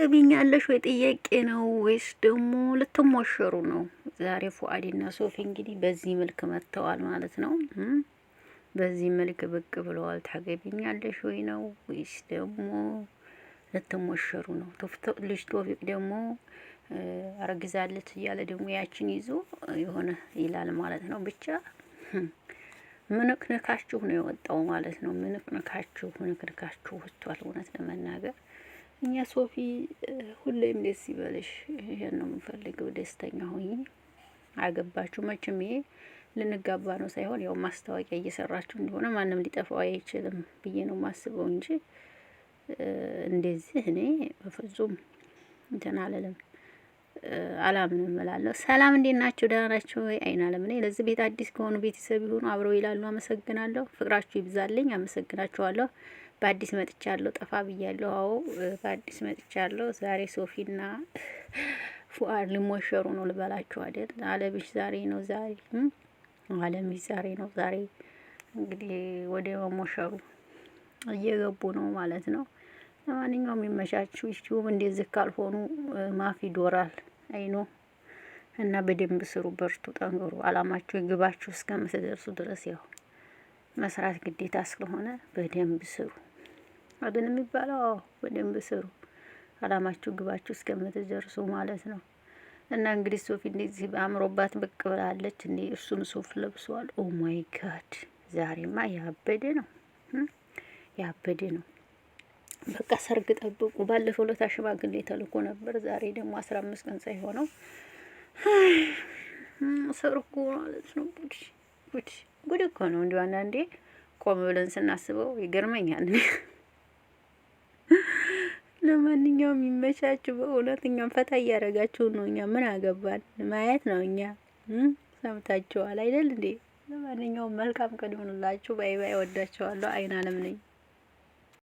ትገቢኛለሽ ወይ ጥያቄ ነው ወይስ ደግሞ ልትሞሸሩ ነው? ዛሬ ፉአዲና ሶፊ እንግዲህ በዚህ መልክ መጥተዋል ማለት ነው። በዚህ መልክ ብቅ ብለዋል። ታገቢኛለሽ ወይ ነው ወይስ ደግሞ ልትሞሸሩ ነው? ልጅ ቶፊቅ ደግሞ አረግዛለች እያለ ደግሞ ያችን ይዞ የሆነ ይላል ማለት ነው። ብቻ ምንቅንካችሁ ነው የወጣው ማለት ነው። ምንቅንካችሁ ምንቅንካችሁ ወጥቷል እውነት ለመናገር እኛ ሶፊ ሁሌም ደስ ይበልሽ፣ ይሄን ነው የምፈልገው ደስተኛ ሆኚ። አገባችሁ መቼም ይሄ ልንጋባ ነው ሳይሆን ያው ማስታወቂያ እየሰራችሁ እንደሆነ ማንም ሊጠፋው አይችልም ብዬ ነው ማስበው እንጂ እንደዚህ እኔ በፍጹም እንትን አላምንም እላለሁ። ሰላም እንዴት ናችሁ? ደህና ናችሁ ወይ? አይን አለም ነኝ። ለዚህ ቤት አዲስ ከሆኑ ቤተሰብ ይሆኑ አብረው ይላሉ። አመሰግናለሁ። ፍቅራችሁ ይብዛልኝ። አመሰግናችኋለሁ። በአዲስ መጥቻለሁ። ጠፋ ብያለሁ። አዎ በአዲስ መጥቻለሁ። ዛሬ ሶፊና ፉአድ ሊሞሸሩ ነው ልበላችሁ አይደል? አለምሽ ዛሬ ነው ዛሬ አለምሽ ዛሬ ነው ዛሬ እንግዲህ ወደ መሞሸሩ እየገቡ ነው ማለት ነው። ለማንኛውም ይመቻችሁ። ዩቲዩብ እንደዚህ ካልሆኑ ማፊ ይዶራል አይኖ እና በደንብ ስሩ፣ በርቱ፣ ጠንክሩ። አላማችሁ ግባችሁ እስከምትደርሱ ድረስ ያው መስራት ግዴታ ስለሆነ በደንብ ስሩ። አብን የሚባለው አዎ፣ በደንብ ስሩ። አላማችሁ ግባችሁ እስከምትደርሱ ማለት ነው። እና እንግዲህ ሶፊ እንደዚህ አምሮባት ብቅ ብላለች። እንደ እሱም ሱፍ ለብሷል። ኦ ማይ ጋድ! ዛሬማ ያበደ ነው ያበደ ነው። በቃ ሰርግ ጠብቁ። ባለፈው ለታ ሽማግሌ ተልኮ ነበር። ዛሬ ደግሞ አስራ አምስት ቀን ሳይሆነው ሰርጉ ማለት ነው። ጉድ ጉድ ጉድ እኮ ነው። እንዲሁ አንዳንዴ ቆም ብለን ስናስበው ይገርመኛል። ለማንኛውም ይመቻችሁ በእውነት እኛም ፈታ እያደረጋችሁ ነው። እኛ ምን አገባን ማየት ነው። እኛ ሰምታችኋል አይደል እንዴ? ለማንኛውም መልካም ቀን ይሆንላችሁ። ባይ ባይ። ወዳችኋለሁ። አይን አለም ነኝ።